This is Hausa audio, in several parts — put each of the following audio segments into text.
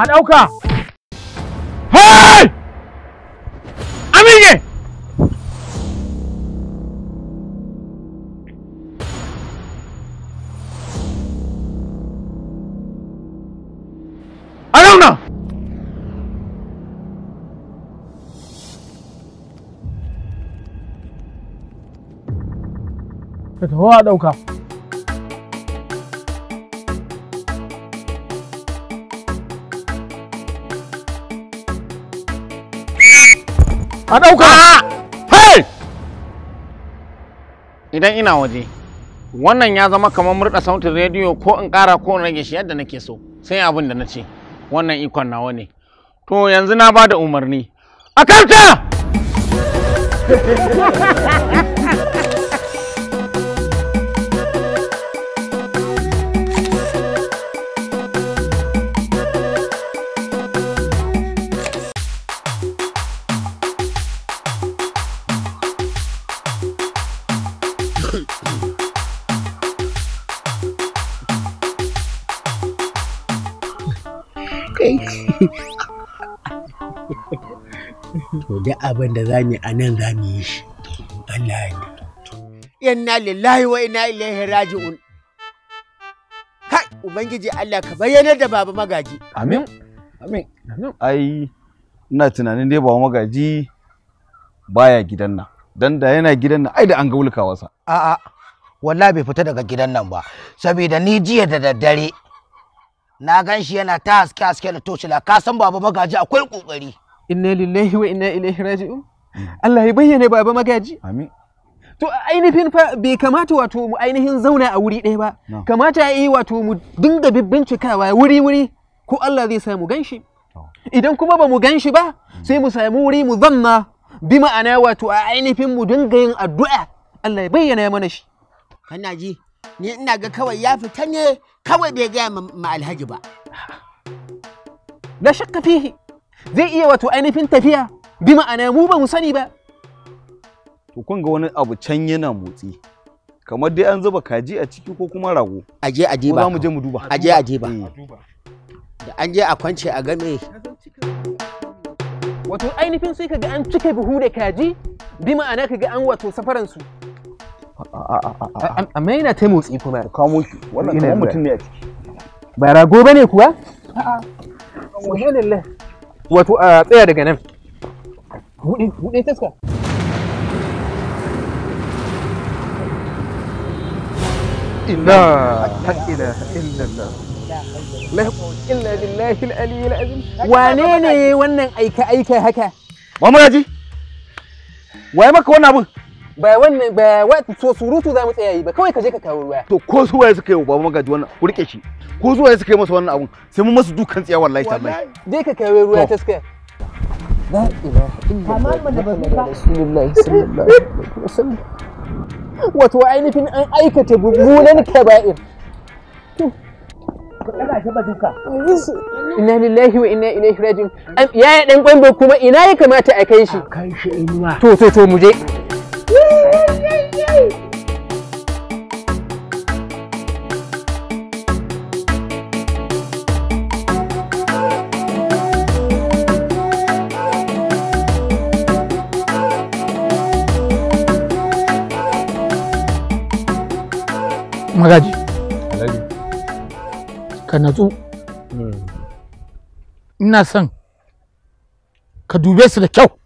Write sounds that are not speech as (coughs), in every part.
a ɗauka hey aminye Arauna! Ka tafi a ɗauka. a ɗauka hey idan ina waje wannan ya zama kamar murɗa sautin rediyo ko in ƙara ko in rage shi yadda nake so sai abin da na ce wannan ikon nawa ne to yanzu na ba da umarni a kanta (laughs) duk abin da za mu a nan za mu yi shi Allah ya inna lillahi wa ina ilaihi raji'un kai ubangiji Allah ka bayyana da baba magaji amin amin ai ina tunanin dai baba magaji baya gidan nan dan da yana gidan nan ai da an ga wasa. a'a walla bai fita daga gidan nan ba saboda ni jiya da daddare na gan shi yana ta haske haske da tocila ka san baba magaji akwai kokari inna lillahi wa inna ilaihi raji'un hmm. Allah ya bayyana baba magaji amin to ainihin fa bai kamata wato mu ainihin zauna a wuri ɗaya ba kamata ya yi wato mu dinga bibbincikawa wuri wuri ko Allah zai samu ganshi idan kuma ba mu ganshi ba hmm. sai mu samu wuri mu zanna bi ma'ana wato a ainihin mu dinga yin addu'a Allah ya bayyana mana shi kana ji ni ina ga kawai ya fita ne kawai bai gaya ma alhaji ba la shakka fihi zai iya wato ainihin tafiya bi ma'ana mu ba mu sani ba to kun ga wani abu can yana motsi kamar dai an zuba kaji a ciki ko kuma rago aje a diba mu je mu duba aje a diba eh. da an je a kwance a game wato ainihin sai kaga an cike buhu da kaji bi ma'ana kaga an wato safaran su mai yana taimu tsi kuma kamo shi wannan mutum ne a ciki ba rago bane kuwa a'a lalle. wato a tsaya daga nan buɗe taska illa illa illa illa billahi al wane ne wannan aika aika haka mamuraji waye maka wannan abin? ba wannan ba wa so surutu za mu tsaya yi ba kawai ka je ka kawo ruwa to ko zuwa ya suka yi baba magaji wannan ku rike shi ko zuwa ya suka yi masa wannan abun sai mun masa dukan tsiya wallahi tallahi je ka kawo ruwa ta suka la ilaha illallah rasulullahi sallallahu alaihi wasallam wato ainihin an aikata mummunan kaba'ir Ina lillahi wa ina ilaihi raji'un. Ya ya dan kwambo kuma ina ya kamata a kai shi? Kai shi inuwa. To to to mu je. magaji ka natsu hmm. ina son ka dube su da kyau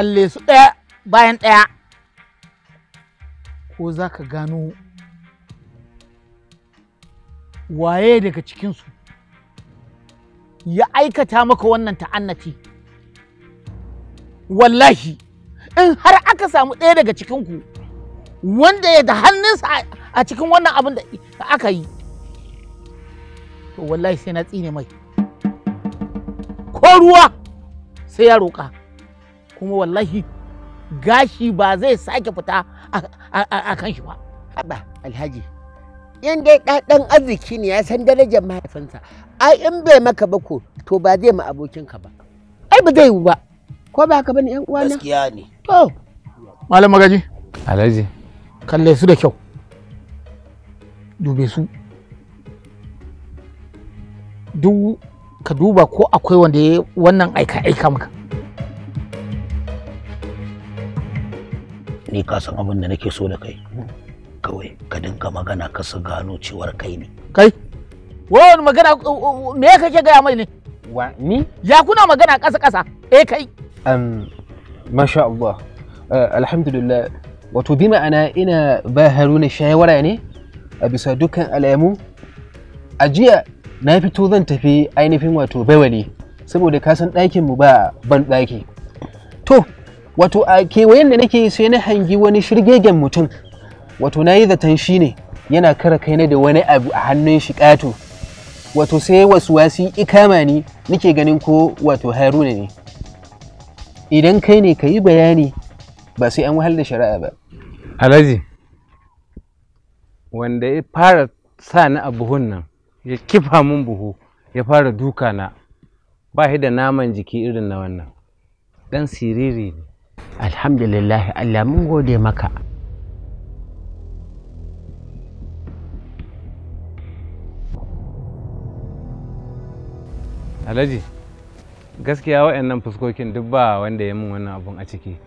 kalle su ɗaya bayan ɗaya ko za ka gano waye daga cikinsu ya aikata maka wannan ta'annaci wallahi in har aka samu ɗaya daga cikinku wanda ya da hannunsa a cikin wannan abin da aka yi to wallahi sai na tsine mai ko ruwa sai ya roƙa kuma wallahi gashi ba zai sake fita a kan shi ba. Haba alhaji, in dai ɗan arziki ne ya san darajar mahaifinsa, ai in bai maka ba ko to ba zai ma abokinka ba. Ai ba zai yiwu ba, ko ba haka ‘yan ƴan uwana? Gaskiya ne. To. Malam magaji. Alhaji. Kalle su da kyau. Dube su. Duk ka duba ko akwai wanda ya wannan aika-aika maka. ni ka san abin da nake so da kai kawai ka dinka magana ka su gano cewar kai ne kai wani magana me kake gaya mai ne wa ni ya kuna magana ƙasa ƙasa eh kai um masha Allah eh, alhamdulillah wato bi ma'ana ina ba Haruna shawara ne a bisa dukkan alamu a jiya na fito zan tafi ainihin wato baiwali saboda ka san ɗakin mu ba ban ɗaki to wato a kewayen da nake sai na hangi wani shirgegen mutum wato na yi zaton shi ne yana kara kai na da wani abu a hannun shi ƙato wato sai wasu wasi ikama ni nake ganin ko wato haruna ne idan kai ne ka yi bayani ba sai an wahal da shari'a ba alhaji wanda ya fara sa ni a buhun nan ya kifa min buhu ya fara duka na ba shi da naman jiki irin na wannan dan siriri ne alhamdulillah allah mun gode maka alhaji gaskiya waɗannan fuskokin duk ba wanda ya min wannan abun a ciki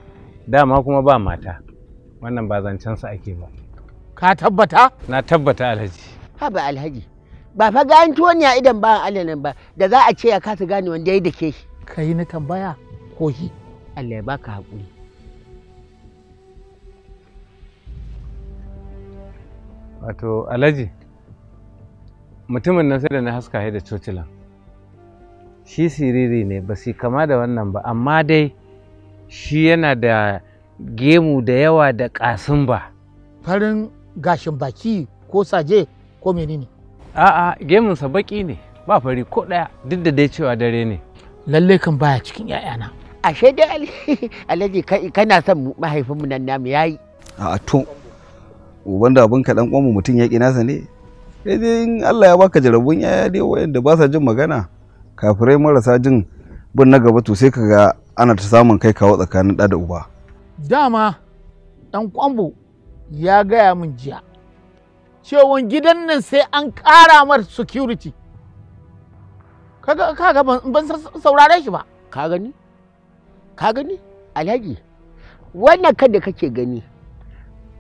dama kuma ba mata wannan ba zancensa ake ba ka tabbata na tabbata alhaji haba alhaji ba fa ga tuwo ne a idan ba alanan ba da za a ce ya kasa gane wanda ya dake shi kai na tambaya ko shi Allah ya baka haƙuri wato alhaji mutumin nan sai da na haska da cocilan shi siriri ne ba su kama da wannan ba amma dai shi yana da gemu da yawa da ƙasin ba farin gashin baki ko saje ko menene a'a gemunsa baƙi ne ba fari ko ɗaya duk da dai cewa dare ne lalle kan baya cikin 'ya'yana ashe dai alaji (laughs) kana son mahaifinmu nan namu yayi a to uban da abin kaɗan ƙwamu mutum ya ƙi nasa ne sai dai in Allah ya baka jarabun yaya dai wayanda ba sa jin magana kafirai marasa jin bin na gaba to sai ka ana ta samun kai kawo tsakanin ɗa da uba dama ɗan ƙwambo ya gaya min jiya cewa gidan nan sai an kara mar security kaga kaga ban saurare shi ba ka gani ka gani alhaji wannan kan da kake gani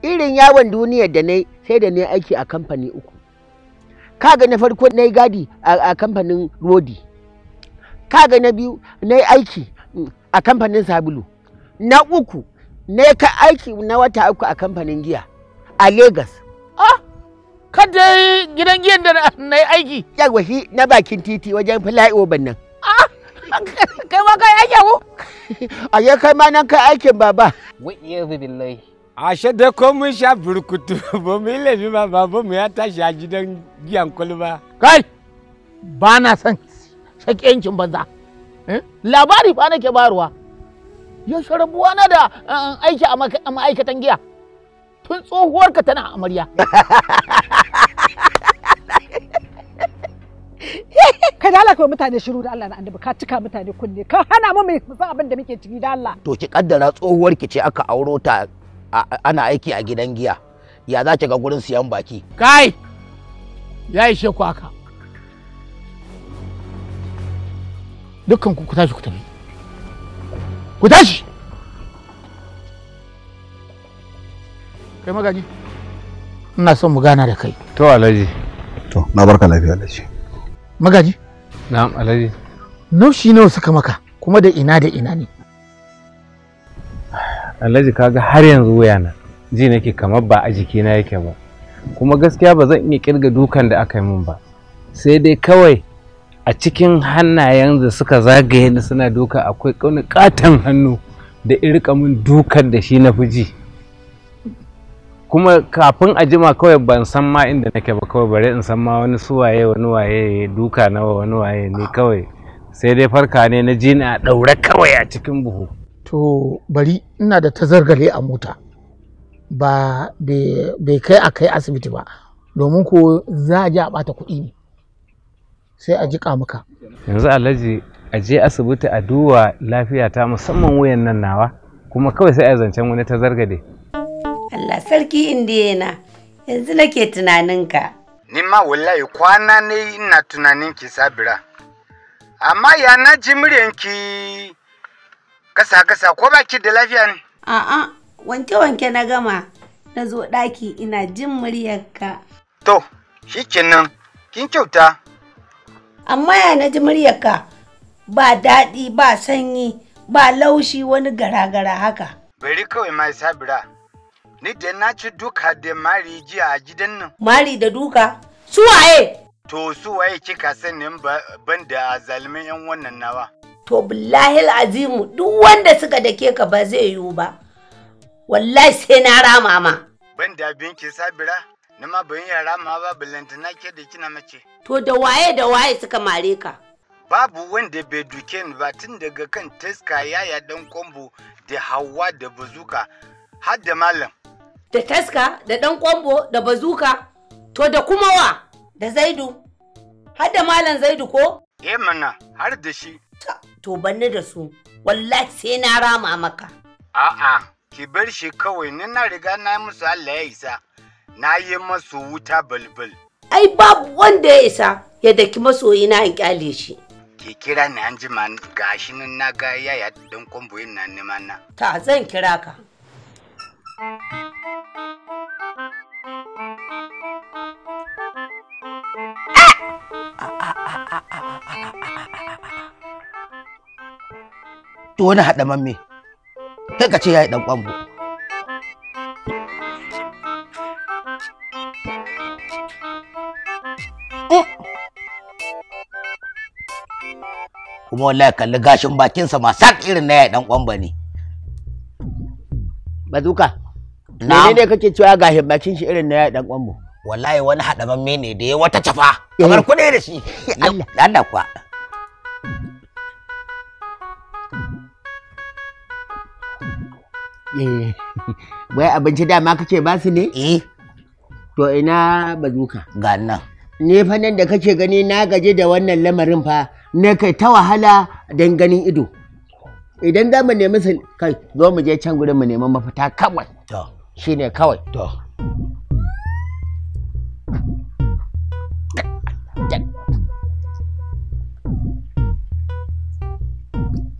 irin yawon duniya da na sai da na aiki a kamfani uku kaga na farko na gadi a kamfanin rodi kaga na biyu na aiki a kamfanin sabulu na uku na yi aiki na wata uku a kamfanin giya a Legas. ah dai gidan giyan da na aiki yawa shi na bakin titi wajen flyover nan ah, kai ma kai aiki ku. (laughs) a ya kai ma nan kai aikin baba wai iya a ashe da ko mun sha burkutu (laughs) ba mu laifi ba babu mu ya tashi a gidan giyan kulba kai ba na son shakiyancin banza eh? labari fa nake barwa ya sharabuwa na da eh, aiki a ma'aikatan giya tun tsohuwarka tana amarya (laughs) kai da Allah kai mutane shiru da Allah na annabi ka cika mutane kunne ka hana mu mai san abin da muke ciki da Allah to ki kaddara tsohuwar ki ce aka auro ta ana aiki a gidan giya ya za ki ga gurin siyan baki kai ya ishe ku haka dukkan ku ku tashi ku tafi ku tashi kai magaji ina son mu gana da kai to alhaji to na barka lafiya alhaji magaji na'am alhaji naushi nawa suka maka kuma da ina da ina ne alhaji kaga har yanzu na ji nake kamar ba a jikina yake ba kuma gaskiya ba zan iya kirga dukan da aka yi min ba sai dai kawai a cikin hannayen da suka zagaye ni suna duka akwai katon hannu da irka min dukan da shi na fi ji kuma kafin a jima kawai ban san ma inda nake ba kawai bare in san ma wani suwaye wani waye duka nawa wani waye ne kawai sai dai farka ne na ji na daure kawai a cikin buhu to bari ina da tazargale a mota ba bai kai a kai asibiti ba domin ko za a ji a bata kuɗi ne sai a jika maka yanzu alhaji a je asibiti a duwa lafiya ta musamman wuyan nan nawa kuma kawai sai a zancen wani tazargade Allah sarki indiyana yanzu nake tunaninka. Ni ma wallahi kwana ne ina tunanin ki sabira. Amma ya na ji muryanki kasa kasa ko baki da lafiya ne? A'a wanke wanke na gama na zo daki ina jin muryarka. To shikenan kin kyauta. Amma ya na ji muryarka ba daɗi ba sanyi ba laushi wani gara-gara haka. Bari kawai mai sabira. Ni da na ci duka da mari jiya a gidan nan. Mari da duka? Su waye? To su waye kika sanin ban da zalimin yan wannan nawa. To billahi azimu duk wanda suka ke ka ba zai yiwu ba. Wallahi sai na rama ma. Ban da binki sabira, na ma ban yi rama ba balantana ke da kina mace. To da waye da waye suka mare ka? babu wanda bai duke ni ba tun daga kan taska yaya dan kombo da hawa da bazuka har da malam da taska da ɗan kwambo da bazuka to da kuma wa da zaidu har da malam zaidu ko? Eh mana har da shi. To banni da su wallahi sai na rama maka. A'a ki bar shi kawai ni na riga na musu Allah ya isa na yi masu wuta balbal. Ai babu wanda ya isa ya daki masoyina na kyale shi. Ki kira ni anjima ji gashi nan na ga yaya dan kwambo yin nan neman na. Ta zan kira ka. To wani mamme, kai ka ce ya yi ɗan ƙwango. Mm. Kuma wallahi kalli gashin bakinsa ma sak irin na ya ɗan ƙwamba ne. Bazuka. ne ne kake cewa ga himmakin shi irin na ya dan kwambo wallahi wani haɗamamme ne da ya wata tafa. Eh. kamar kuɗi da shi Allah kuwa eh. wai abinci dama kake ba su ne eh to ina bazuka ga nan ne fa nan da kake gani na gaje da wannan lamarin fa na kai ta wahala don ganin ido idan za mu nemi kai zo mu je can gurin mu neman mafita kawai Shi ne kawai to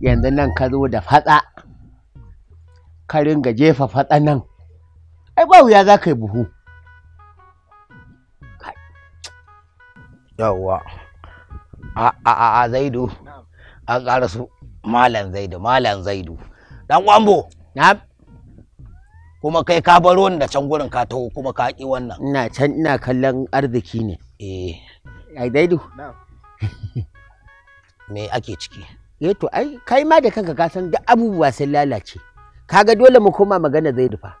yanzu nan ka zo da fatsa ka ringa jefa fatsa nan ai ba wuya za ka yi buhu yawwa a a a zaidu an ƙara su malam zaidu malam zaidu dan kwambo na kuma kai ka baro ni da can gurin ka taho kuma ka ki wannan ina can ina kallon arziki ne eh ai daidu (laughs) me ake ciki eh to ai kai ma da kanka ka san duk abubuwa sun lalace kaga dole mu koma magana zai dufa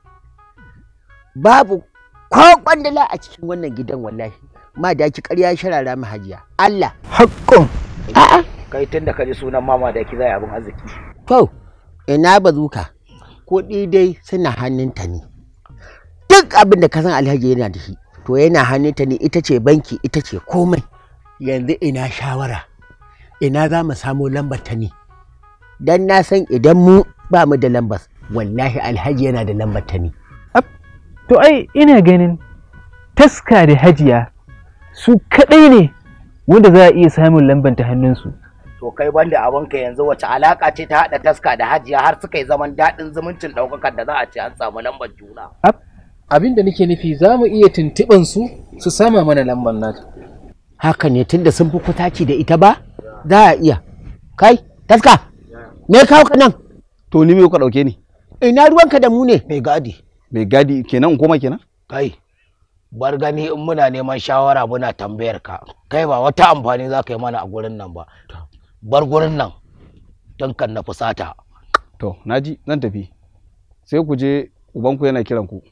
babu ko kwandala a cikin wannan gidan wallahi ma da ki ƙarya sharara mu hajiya Allah hakkon a'a kai tunda ka ji sunan mama da ki zai abin arziki to ina bazuka kuɗi dai suna hannunta ne duk abin da ka san alhaji yana da shi to yana hannunta ne ita ce banki ita ce komai yanzu ina shawara ina za mu samu lambar ta ne dan na san idan mu ba mu da lambar wallahi alhaji yana da lambar ta ne to ai ina ganin taska da hajiya su kaɗai ne wanda za a iya samun lambar ta hannunsu to kai banda ka yanzu wace alaka ce ta haɗa taska da hajiya har suka yi zaman daɗin zumuncin ɗaukakar da za a ce an samu lambar juna. Abin da nake nufi za mu iya tuntuɓin su su sama mana lambar nata. Haka ne tunda sun fi kutaki da ita ba? Za a iya. Kai, taska, me kawo ka nan? To ni me ka ɗauke ni? Ina ruwanka da mu ne? Mai gadi. Mai gadi kenan koma kenan? Kai, bar gani in muna neman shawara muna tambayar ka. Kai ba wata amfani za ka yi mana a gurin nan ba. bar gurin nan don kan na fusata to naji zan tafi sai ku je ubanku yana kiran ku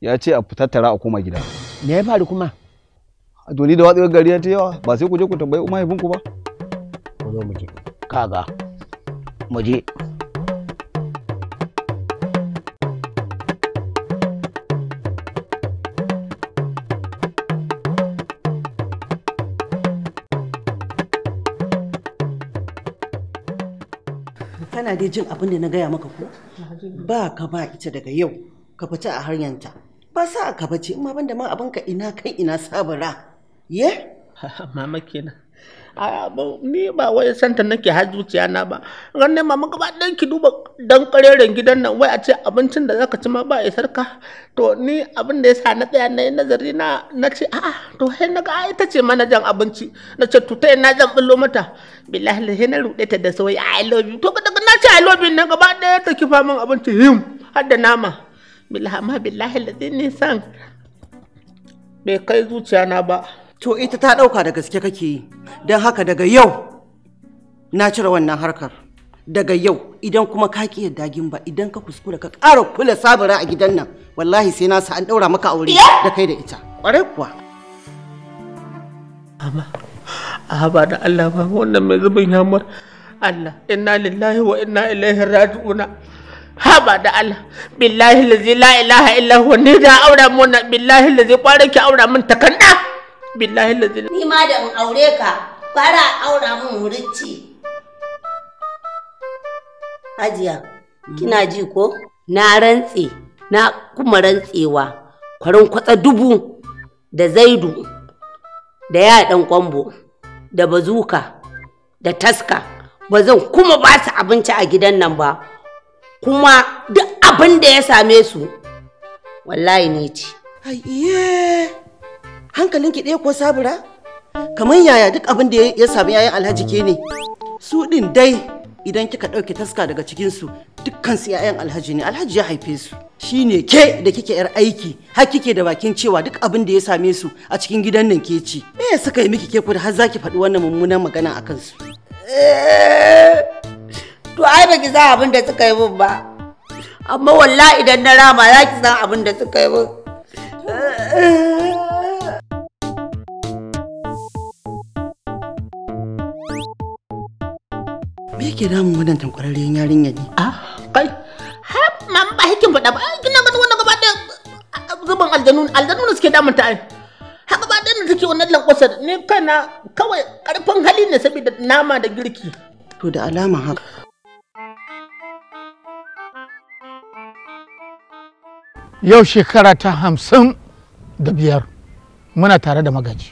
ya ce a tattara a koma gida me ya faru kuma a doni da watsewar gari ya ta yawa ba sai ku je ku tambayi mahaifinku ba kaga mu je dai jin abin da na gaya maka ko ba ka ba ita daga yau ka fita a hanyarta ba sa ka bace in ma banda ma abinka ina kai ina sabara ye (laughs) mama kenan ni ba wai santa nake har zuciya na ba ran ne mun gaba dan ki duba dan kareren gidan nan wai a ce abincin da zaka ci ma ba isar ka to ni abin da yasa na tsaya na nazari na na ce a to sai na ai ta ce manajan abinci na ce to na zan bullo mata billahi sai na rude ta da soyayya ai love you to daga na ce ai love you nan gaba ɗaya ta kifa min abinci him har da nama billahi ma billahi lazini san bai kai zuciya na ba To ita ta ɗauka da gaske kake yi, don haka daga yau na cire wannan harkar. Daga yau idan kuma ka ƙi yadda ba idan ka kuskura ka ƙara kula sabara a gidan nan wallahi sai na sa an ɗaura maka aure da kai da ita. Ƙwarai kuwa. Amma, a haba da Allah ba wannan mai zubin yamar Allah inna lillahi wa inna ilaihi raji'una. haba da Allah billahi lazi la ilaha illa huwa ni da aura mun billahi lazi kwara ki aura mun takanda billahi lazil ni ma da in aure ka fara aura mun wuricci Ajiya, mm. kina ji ko na rantse na kuma rantsewa kwarin kwatsa dubu da zaidu da ya dan kwambo da bazuka da taska ba kuma ba su abinci a gidan nan ba kuma duk abin da ya same su wallahi ne ce hankalinki ɗaya ko sabira kamar yaya duk abin da ya sami yayan alhaji ke ne su ɗin dai idan kika ɗauke taska daga cikinsu dukkan su yayan alhaji ne alhaji ya haife su shi ne ke da kike yar aiki har kike da bakin cewa duk abin da ya same su a cikin gidan nan ke ci me ya suka yi miki ke da har zaki faɗi wannan mummunan magana a kansu eh, to ai baki san abin da suka yi min ba amma wallahi idan na rama za ki san abin da suka yi min eh, yake damun wannan tankwararriyar yarinya ne? a ah, kai. Ha, mam ba hikin faɗa ba. Kina ganin wannan gaba da zuban aljanu, aljanu suke damun ta ai. Ha gaba da take wannan lankwasar ne kana kawai karfin hali ne saboda nama da girki. To da alama haka. Yau shekara ta hamsin da biyar muna tare da magaji.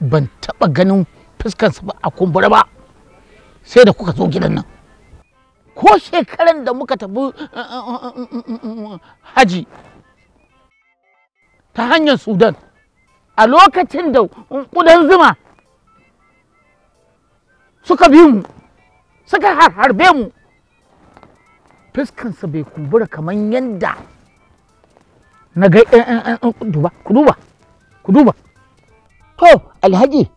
Ban taɓa ganin fuskansa ba a kumbura ba. sai da kuka zo gidan nan ko shekaran da muka tafi uh, uh, uh, haji ta hanyar sudan a lokacin da ƙudan zuma suka bi mu suka harbe mu fuskansa bai kumbura kamar yadda na ga eh, eh, eh, duba ku duba ku duba to alhaji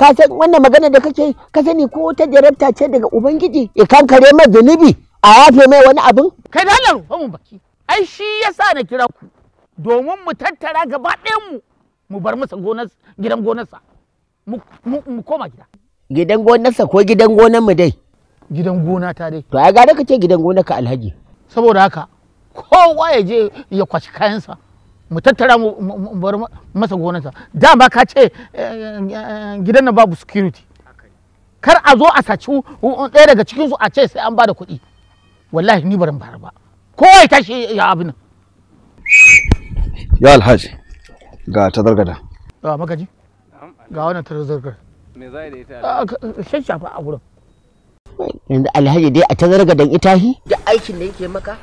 ka san wannan magana da kake ka sani ko ta jarabta ce daga ubangiji ya kankare mai zunubi a yafe mai wani abin kai da Allah mu baki ai shi yasa na kira ku domin mu tattara gaba ɗayan mu mu bar masa gonar gidan gonarsa mu koma gida gidan gonarsa ko gidan gonar mu dai gidan gona ta dai to ai ga da kace gidan gonar ka alhaji saboda haka kowa ya je ya kwashi kayansa mu tattara mu bar masa gonarsa dama ka ce eh, eh, gidan nan babu security kar a zo a saci ɗaya daga cikinsu a ce sai an bada kuɗi wallahi ni barin bara ba kowai tashi ya abin ya alhaji ga zargada ga magaji ga wannan tazargar me za da ita ah, shafa a wurin yanzu alhaji dai a ta ita itahi da aikin da yake maka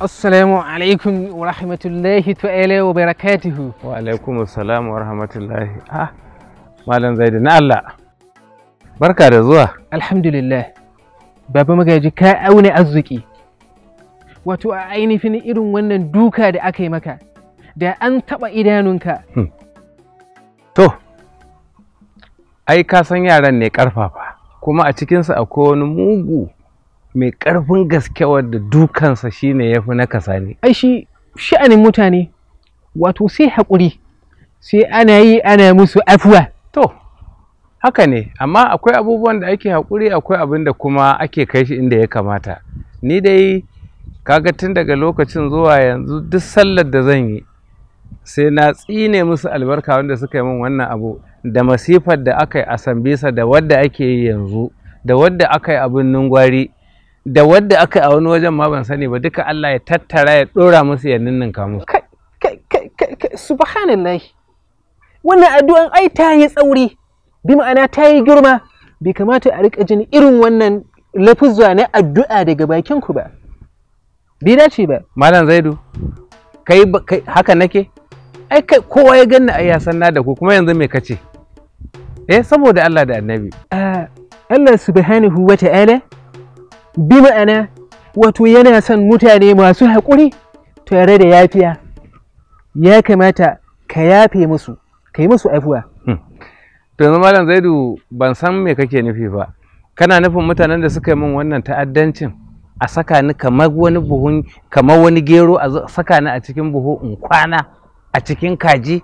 Assalamu alaikum wa rahmatullahi ta'ala wa barakatuhu. Wa alaikum assalam wa rahmatullahi. Ah, Malam Zaidu na Allah. Barka da zuwa. Alhamdulillah. Baba magaji ka aune arziki. Wato a ainihin irin wannan duka da aka yi maka, da an taɓa idanunka. Hmm. To, ai ka san yaran ne ƙarfafa, kuma a cikinsa akwai wani mugu mai ƙarfin gaske wadda dukansa shine ya fi na ne. ai shi sha'anin mutane wato sai haƙuri sai ana yi ana musu afuwa to haka ne amma akwai abubuwan da ake haƙuri akwai abin da kuma ake kai shi inda ya kamata ni dai kaga tun daga lokacin zuwa yanzu duk sallar da zan yi sai na tsine musu albarka wanda suka yi min wannan abu da masifar da aka yi a sambisa da wadda ake yi yanzu da wadda aka yi abin nungwari da wadda aka a wani wajen ma ban sani ba duka Allah ya tattara ya dora musu ya ninninka musu kai kai kai subhanallah wannan addu'an ai ta yi tsauri bi ma'ana ta yi girma bai kamata a rika jin irin wannan lafuzwa na addu'a daga bakin ku ba bi dace ba malam zaidu kai haka nake ai kai kowa ya ganni ai ya san da ku kuma yanzu me kace eh saboda Allah da annabi ah, Allah subhanahu wa ta'ala bi ma'ana wato yana son mutane masu haƙuri tare da yafiya ya kamata ka yafe musu ka yi musu afuwa hmm. to yanzu malam zaidu ban san me kake nufi ba kana nufin mutanen da suka yi min wannan ta'addancin a saka ni kamar wani buhun kamar wani gero a saka ni a cikin buhu in kwana a cikin kaji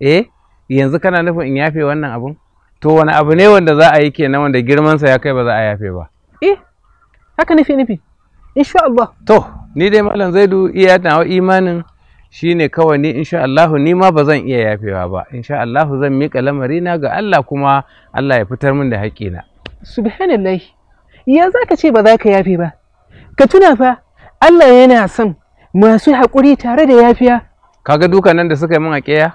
eh yanzu kana nufin in yafe wannan abun to wani abu ne wanda za a yi kenan wanda girmansa ya kai ba za a yafe ba eh haka nufi nufi insha Allah to ni dai malam Zaidu iya nawa imanin shine kawai ni insha Allah ni ma ba zan iya yafewa ba insha Allah zan miƙa lamarina ga Allah kuma Allah ya fitar min da na. Subhanallah. ya zaka ce ba za ka yafe ba ka tuna fa Allah yana son masu haƙuri tare da yafiya kaga duka nan da suka yi min a ƙeya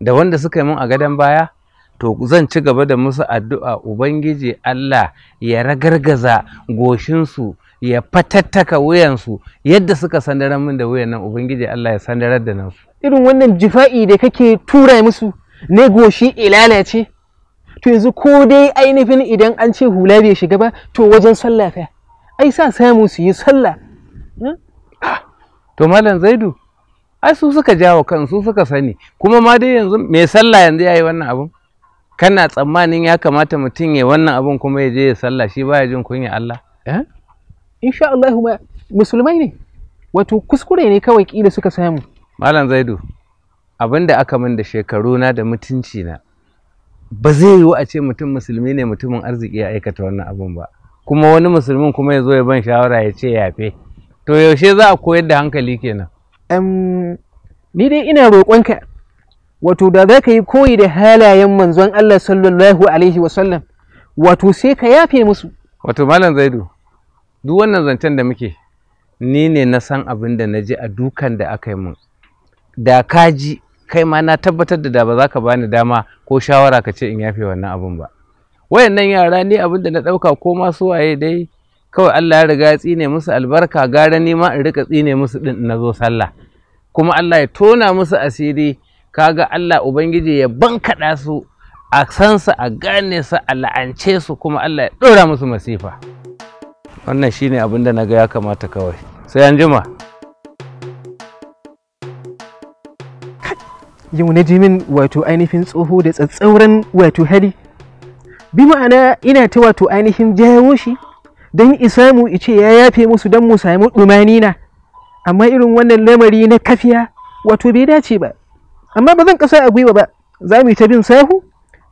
da wanda suka yi min a gadon baya to zan ci gaba da musu addu'a ubangiji Allah ya ragargaza goshinsu ya fatattaka wuyansu yadda suka sandarar min da wuyan nan ubangiji Allah ya sandarar da nan irin wannan jifa'i da kake tura musu ne goshi ilalace to yanzu ko dai ainihin idan an ce hula bai shiga ba to wajen sallah fa ai sa samu su yi sallah hmm? to malam zaidu ai su suka jawo su suka sani kuma ma dai yanzu mai sallah yanzu yayi wannan abun kana tsammanin ya kamata mutum ya wannan abin kuma ya je ya sallah shi baya jin kunya Allah eh insha Allah musulmai ne wato kuskure ne kawai kila suka samu malam zaidu abin da aka min da shekaru na da mutunci na ba zai yiwu a ce mutum musulmi ne mutumin arziki ya aikata wannan abin ba kuma wani musulmin kuma ya zo ya ban shawara ya ce yafe to yaushe za a koyar da hankali kenan ni dai ina roƙonka wato da za ka yi koyi da halayen manzon Allah sallallahu alaihi wasallam wato sai ka yafe musu wato malam zaidu duk wannan zancen da muke ni ne na san abin da na ji a dukan da aka yi mun da ka ji kai ma na tabbatar da da ba za ka bani dama ko shawara ka ce in yafe wannan abin ba wayannan yara ni abin da na ɗauka ko ma su waye dai kawai Allah ya riga ya tsine musu albarka gara ni ma in rika tsine musu din na zo sallah kuma Allah ya tona musu asiri kaga Allah ubangiji ya bankaɗa su a sansa a gane su a la'ance su kuma Allah ya ɗora musu masifa wannan shine abin da na ga ya kamata kawai sai an jima yau na jimin wato ainihin tsoho da tsatsauran wato hali bi ma'ana ina ta wato ainihin jawo shi don isamu ice ya yafe musu don mu samu ɗumanina amma irin wannan lamari na kafiya wato bai dace ba amma ba zan kasa a gwiwa ba za mu yi ta bin sahu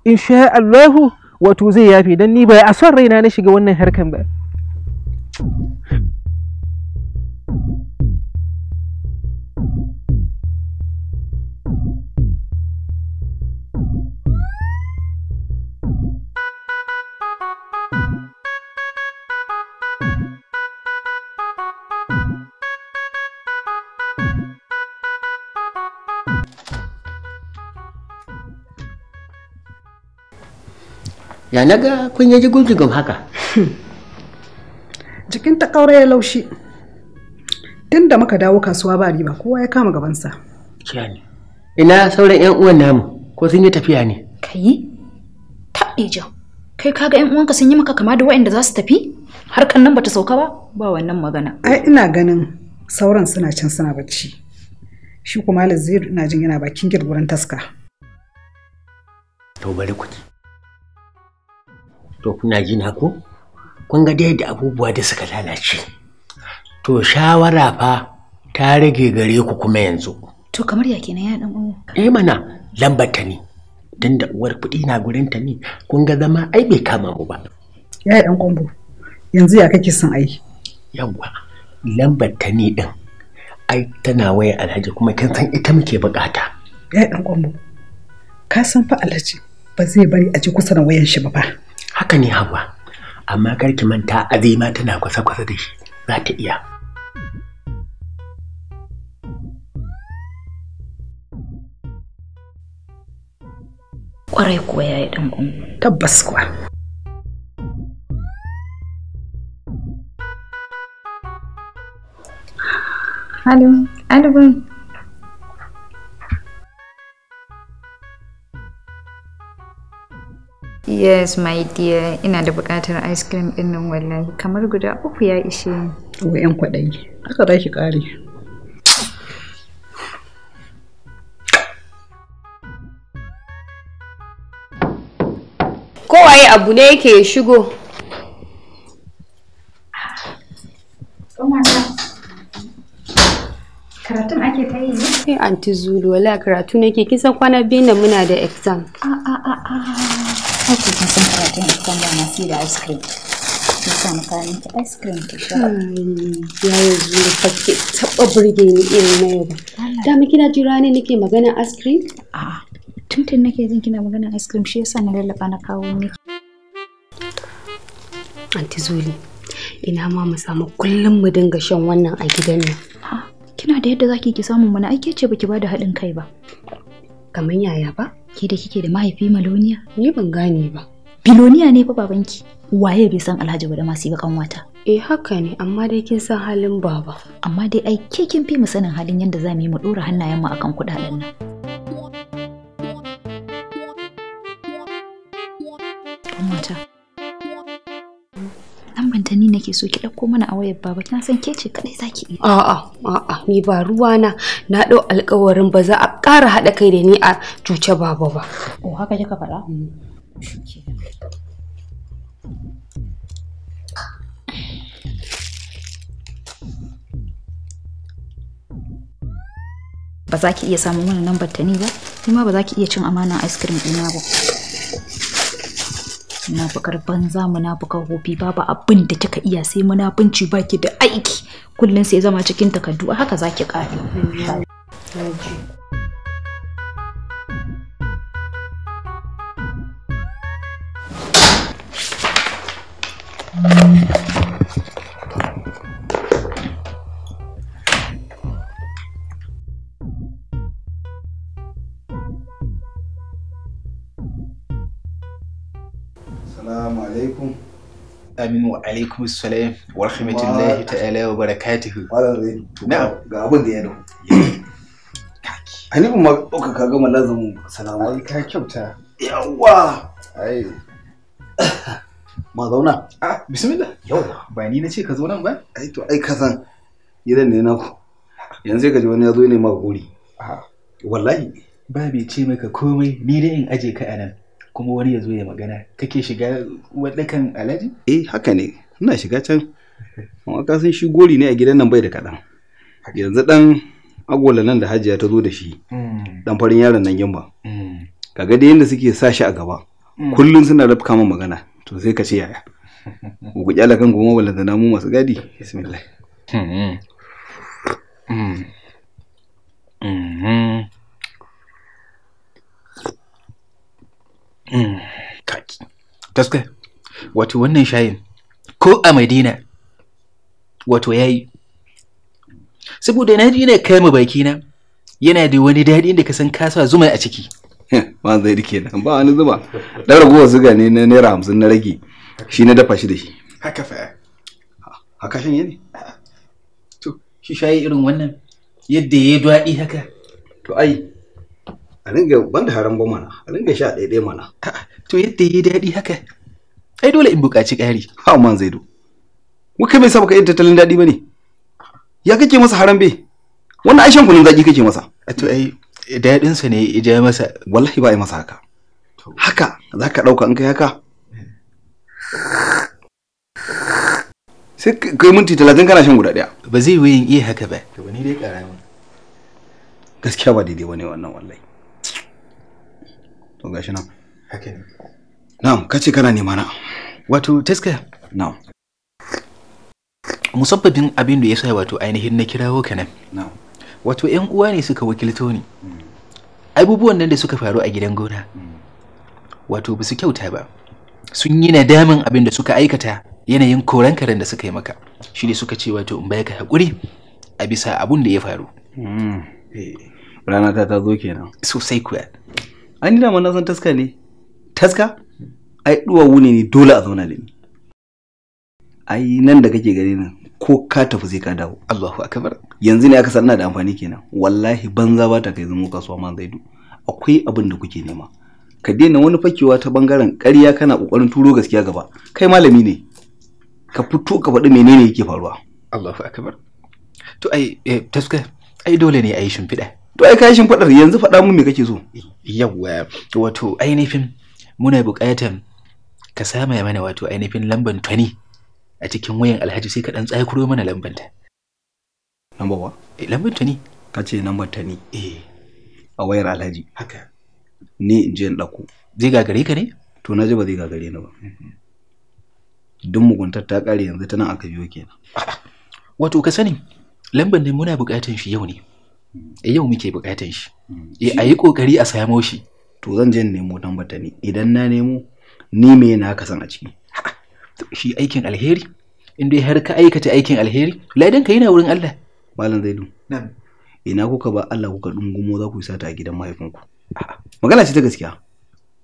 insha Allahu wato zai yafi don ni ba a son raina na shiga wannan harkan ba ya naga kun yaji gunjigum haka (laughs) jikin ta kaure ya laushi tun da muka dawo kasuwa ba riba kowa ya kama gabansa kiyani ina sauran yan uwan namu ko sun yi tafiya ne kai taɓe jan kai kaga yan uwanka sun yi maka kama da waɗanda za su tafi harkan nan bata sauka ba ba wannan magana ai ina ganin sauran suna cin suna bacci shi kuma Laziru ina jin yana bakin girgurin taska to bari kuki to kuna jina ko kun ga dai da abubuwa da suka lalace to shawara fa ta rage gare ku kuma yanzu to kamar ya kenan ya dan uwa eh mana lambar ta ne dan da uwar kuɗi na gurin ta ne kun ga zama ai bai kama mu ba ya dan kombo yanzu ya kake son ai Yawa, lambar ta ne din ai tana waya alhaji kuma kin san ita muke bukata ya dan kombo ka san fa alhaji ba zai bari a ji kusa da wayan shi ba fa haka ne hawa amma karki manta azima tana kwasa-kwasa da shi za ta iya kwarai kuwa ya yi ɗan tabbas kuwa Hallo, Alban. yes my dear ina da buƙatar ice cream ɗin nan wallahi kamar guda uku ya ishe ni wa yan kwaɗayi haka za ki ƙare kowaye abu ne yake shigo karatun ake ta yi ne? Eh, anti Zulu, wala karatu nake kisan kwana biyu da muna da exam. A'a, a'a. a Haka kin san karatun shi kuma na sai da ice cream. Kin sa maka miki ice cream ki sha. Ya yanzu ba ki taɓa burge ni irin na yau ba. Da mu kina jira ne nake magana ice cream? A'a. Ah, Tuntun nake jin kina magana ice cream shi yasa na lallaba na kawo miki. Anti Zuli, ina ma mu samu kullum mu dinga shan wannan a gidan nan. Ah, kina da yadda zaki ki samu mana aike ce baki bada haɗin kai ba. Kamar yaya ba? Ke da kike da mahaifi Maloniya? Ni ban gane ba. Biloniya ne fa babanki. Waye bai san Alhaji ba da masu yi wata? Eh haka ne, amma dai kin san halin baba. Amma dai ai ke kin fi mu sanin halin yadda za mu yi mu dora hannayenmu akan kuɗaɗen nan. nake so ki ɗauko mana a wayar baba kina san kece kadai zaki iya a'a a'a ni ba ruwa na na ɗau alƙawarin ba za a ƙara haɗa kai da ni a cuce baba ba oh haka kika faɗa mm. ba za ki iya samun wani lambar ta ni ba kuma ba za ki iya cin amana ice cream ɗina ba munafukar banza munafukar hofi babu abin da kika iya sai munafunci baki da aiki kullum sai zama cikin takaddu haka zaki kare Amin wa alaikum salam wa rahmatullahi ta'ala wa barakatuhu. Malam na ga abin da ya dawo. Halibu ma ɗauka ka gama lazumin salamu. Ai ka kyauta. Yawwa. Ai. (coughs) Ma zauna. Ah bismillah. yawa ba ni na ce ka zo nan ba? Ai to ai ka san gidan ne naku. Yanzu ka ji wani ya zo ne ma gori. Wallahi. bai ce maka komai ni dai in aje ka a nan. kuma wani ya zo ya magana kake shiga wadakan alaji? eh haka ne ina shiga can amma ka shi gori ne a gidan nan bai da kaɗan yanzu dan agwala nan da hajiya ta zo da shi dan mm. farin yaron nan gimba mm. kaga da yadda suke sa shi a gaba mm. kullum suna rafka min magana to sai ka ce yaya (laughs) ku kyala kan goma da na mu masu gadi bismillah mm-hmm. Mm-hmm. Mm-hmm. Mm. kaki wato wannan shayin ko a madina wato ya yi saboda na ji kai kama bakina yana da wani daɗi da ka san kasa zuma a ciki ma zai rike nan ba wani zuma dan ragowar zuga ne na naira hamsin na rage shi na dafa shi da shi haka fa haka shan ne to shi shayi irin wannan yadda ya yi daɗi haka to ai a ringa banda haram ba mana a ringa sha daidai mana to yadda yi daɗi haka ai dole in buƙaci ƙari ha man zaido muka bai saba ka yin tattalin daɗi ba ne ya kake masa haram be wannan aishan kunun zaki kake masa a to ai daɗinsa ne ya masa wallahi ba a yi masa haka haka za ka ɗauka in kai haka sai kai minti talatin kana shan guda ɗaya ba zai yi iya haka ba gaskiya ba daidai ba ne wannan wallahi to gashi nan haka ne na'am kace kana nema na wato taska na'am musabbabin abin da yasa wato ainihin na kirawo ka nan na'am wato yan uwa ne suka wakilto ni mm. abubuwan nan da suka faru a gidan gona mm. wato ba su kyauta ba sun yi nadamin abin da suka aikata yanayin koran karen da suka yi maka shi ne suka ce wato in baya ka haƙuri a bisa abun da ya faru mm. rana ta ta zo kenan sosai kuwa an yi na san taska ne taska ai duwawu ne ne dole a zauna da ni ai nan da kake gani nan ko ka tafi zai ka dawo Allahu akbar yanzu ne aka san ina da amfani kenan wallahi banza ba ta kai zumo kasuwa man zaidu akwai abin da kuke nema ka daina wani fakewa ta bangaren ƙarya kana ƙoƙarin turo gaskiya gaba kai malami ne ka fito ka faɗi menene yake faruwa Allahu akbar to ai eh, taska ai dole ne ai shimfiɗa to ai kashin fadar yanzu fada mu me kake so yawwa wato ainihin muna buƙatar ka sama mana wato ainihin lamban 20 a cikin wayan alhaji sai ka dan kuro mana lamban ta number wa eh lamban 20 ka ce lamban 20 eh a wayar alhaji haka ni in je in ɗauko zai gagare ka ne to na ji ba zai gagare ni ba duk muguntar ta kare yanzu tana aka biyo kenan wato ka sani lamban ne muna buƙatar shi yau ne Eh, yau muke bukatan shi eh a yi kokari a samo shi to zan je nemo dan batani idan na nemo ni me na ka san a ciki shi aikin alheri in dai har ka aikata aikin alheri laidan ka yana wurin Allah malam zaidu ina kuka ba Allah kuka dungumo za ku sata a gidan mahaifinku magana ce ta gaskiya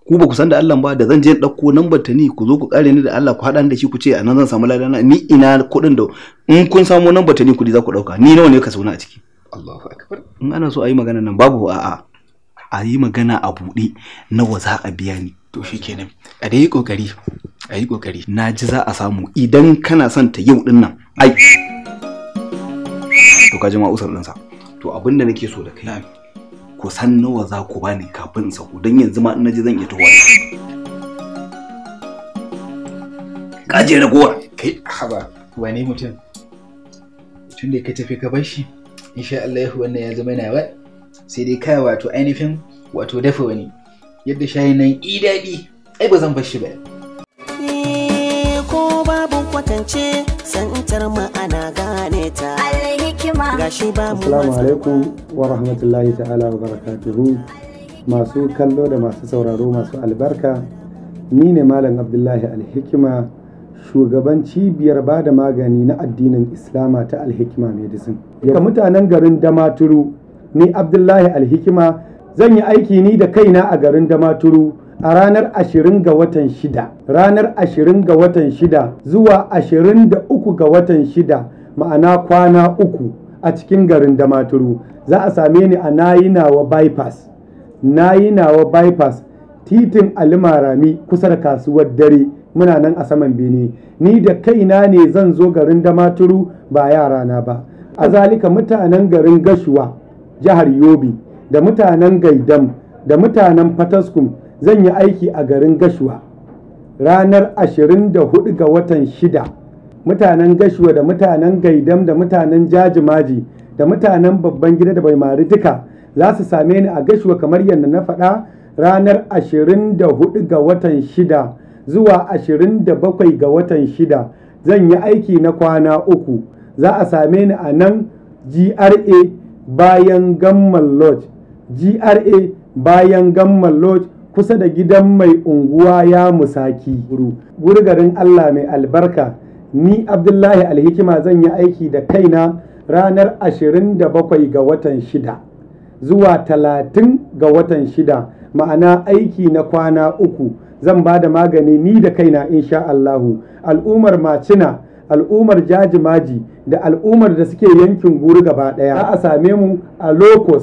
ku ba ku san da Allah ba da zan je ɗauko nan batani ku zo ku kare ni da Allah ku haɗa da shi ku ce a nan zan samu ladana ni ina kudin da in kun samu nan batani ni za ku dauka ni nawa ne ka sauna a ciki Allahu akbar in ana so a yi magana nan babu a'a a yi magana a buɗe nawa za a biya ni to kenan. a dai yi kokari a yi kokari na ji za a samu idan kana son ta yau din nan ai to ka ji ma usar ɗinsa to abin da nake so da kai ku san nawa za ku bani kafin sa sako don yanzu ma in na ji zan iya tawa ka je ragowar kai haba wane mutum tun da ka tafi ka bar shi insha Allah wannan ya zama nawa sai dai kai wato ainihin wato dafa wani yadda shayin nan i daɗi ai ba zan bashi shi ba eh, ko babu kwatance santar ma'ana gane ta alhikima ba mu assalamu alaikum wa rahmatullahi ta'ala wa barakatuhu masu kallo da masu sauraro masu albarka ni ne malam abdullahi alhikima shugaban cibiyar ba da magani na addinin islama ta alhikima medicine ga mutanen garin damaturu ni abdullahi alhikima zan yi aiki ni da kaina a garin damaturu a ranar 20 ga watan 6 ranar 20 ga watan 6 zuwa 23 ga watan 6 ma'ana kwana uku a cikin garin damaturu za a same ni a nayi nawa bypass nayi nawa bypass titin alimarami kusa da kasuwar dare muna nan a saman bene ni da kaina ne zan zo garin damaturu ba yarana ba a zalika mutanen garin gashuwa jihar yobi da mutanen gaidam da mutanen fataskum zan yi aiki a garin gashuwa ranar 24 ga watan shida mutanen gashuwa da mutanen gaidam da mutanen jajimaji da mutanen babban gida da baimari duka za su same ni a gashuwa kamar yadda na faɗa ranar 24 ga watan shida zuwa 27 ga watan shida zan yi aiki na kwana uku za a same ni a nan gra bayan gamman lodge gra bayan gamman lodge kusa da gidan mai unguwa ya musaki garin allah mai albarka ni abdullahi alhikima zan yi aiki da kaina ranar 27 ga watan shida zuwa talatin ga watan shida ma'ana aiki na kwana uku zan ba da magani ni da kaina insha Allahu al'ummar macina al'ummar jajimaji da al'ummar da suke yankin guri gaba ɗaya za a same mu a locus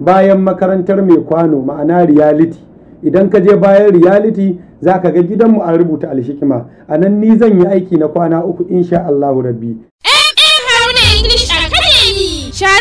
bayan makarantar mai kwano ma'ana reality idan ka je bayan reality za ka ga gidanmu an rubuta alshikima a nan ni zan yi aiki na kwana uku insha Allahu rabbi. Haruna English Academy! Share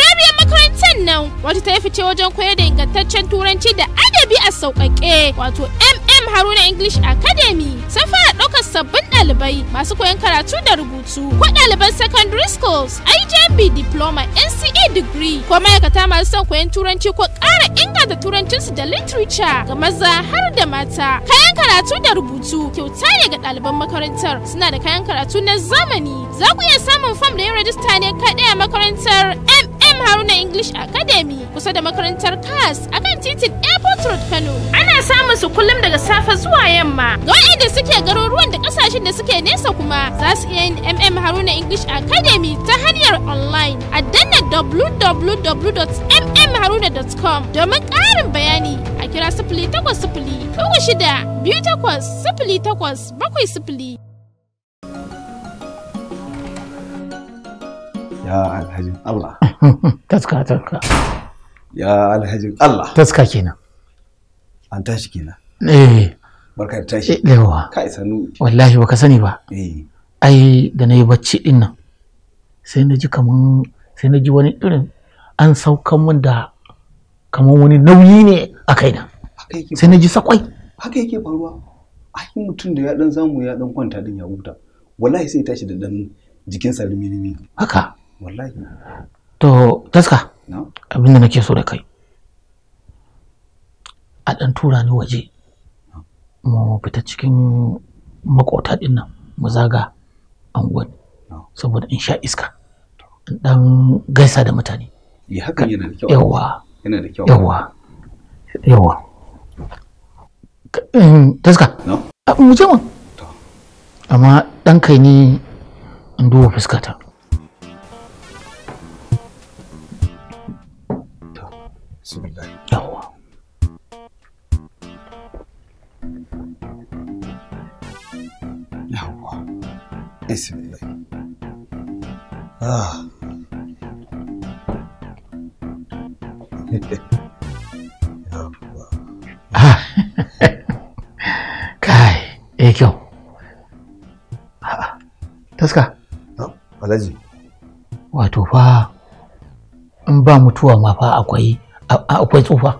nan wata ta yi fice wajen koyar da ingantaccen turanci da adabi a sauƙaƙe wato MM Haruna English Academy sun fara ɗaukar sabbin ɗalibai masu koyon karatu da rubutu ko ɗaliban secondary schools IJB diploma NCE degree ko ma'aikata masu son koyon turanci ko ƙara inganta turancinsu da literature ga maza har da mata. Kayan karatu da rubutu kyauta ne ga ɗaliban makarantar suna da kayan karatu na zamani. Za ku iya samun fam da yin rajista ne kaɗai a makarantar MM Haruna English Academy. Academy kusa da makarantar CAS a kan titin Airport Road Kano. Ana samun su kullum daga safe zuwa yamma. Ga waɗanda suke garuruwan da ƙasashen da suke nesa kuma za su iya yin MM Haruna English Academy ta hanyar online a danna www.mmharuna.com domin ƙarin bayani a kira sifili takwas sifili, shida, biyu takwas, sifili takwas, bakwai sifili. alhajin Allah (laughs) taska taska ya alhajin Allah taska kenan an tashi kenan eh barka da tashi eh, yawa kai sanu wallahi baka sani ba eh ai da nayi bacci din nan sai na ji kaman sai na ji wani irin an saukan min da kaman wani nauyi ne a kaina sai na ji sakwai haka yake faruwa ai mutum da ya dan zamu ya dan kwanta din ya huta wallahi sai tashi da dan jikinsa lumi-lumi haka wallahi to taska abinda nake so da kai a ɗan tura ni waje mu fita cikin makota ɗin nan mu zaga anguwan saboda in sha iska in ɗan gaisa da mutane yawa yawa yawa taska mu je mu amma ɗan kai ni in duba fuskata bismillah yawa yawa bismillah ah (laughs) kai eh taska oh, alhaji wato fa in ba mutuwa ma fa akwai akwai tsufa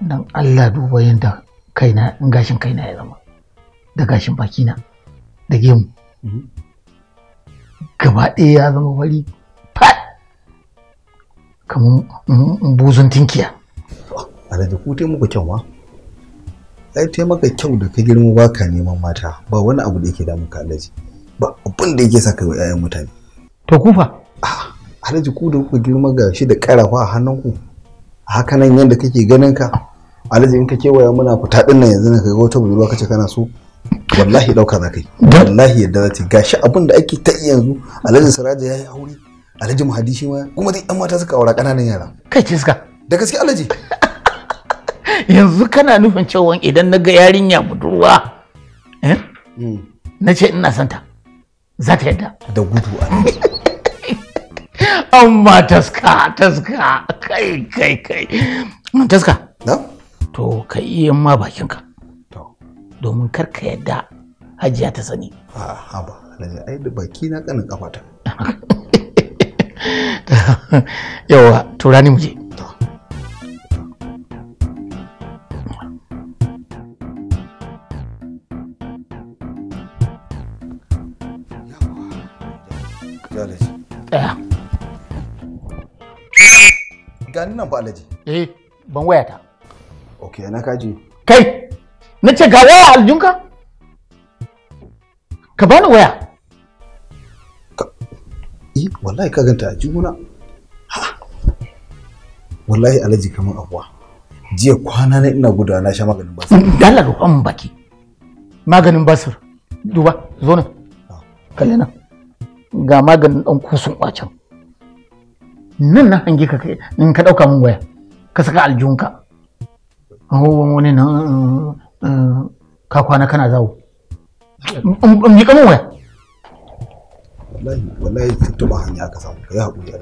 Dan Allah duba yadda kaina in gashin kaina ya zama da gashin bakina da gemu mhm. gaba ɗaya ya zama fari fat kamar mm, buzun tinkiya da ku te muku kyau ma ai te maka kyau da ka girma baka neman mata ba wani abu da yake da muka alaji ba abin da yake saka wa 'ya'yan mutane to kufa ah, alhaji ku da kuka girma ga shi da karafa a hannunku hakanan yadda kake ganin ka alhaji in ka kewaya muna fita din nan yanzu ka ga wata budurwa kace kana so wallahi dauka za kai wallahi yadda za ta gashi abin da ake ta yanzu alhaji ya yayi aure alhaji muhadi shi ma kuma dai yan mata suka aura kananan yara kai ce suka da gaske alhaji (laughs) yanzu kana nufin cewa idan na ga yarinya budurwa eh? hmm. na ce ina santa za ta yadda da gudu a (laughs) amma taska taska kai kai kai taska to ka iya ma bakinka domin kar ka yadda hajiya ta sani a ba alhaji ai baki na kanin kafata (laughs) yawa to rani mu gani nan fa alaji eh ban waya ta okay ana kaji kai na ce ga waya aljunka ka bani waya eh wallahi ka ganta a juna wallahi alaji kaman abuwa jiya kwana na ina gudana na sha maganin basir dala roƙon baki maganin basir duba zo nan ah. kalli nan ga maganin dan kusun ɓacin nan na hangi ka kai in ka dauka mun waya ka saka aljunka mahoban wani nan eh, eh, ka kwana kana zawo in yi kamun waya wallahi tuba hanya ka samu ka yi haƙuri a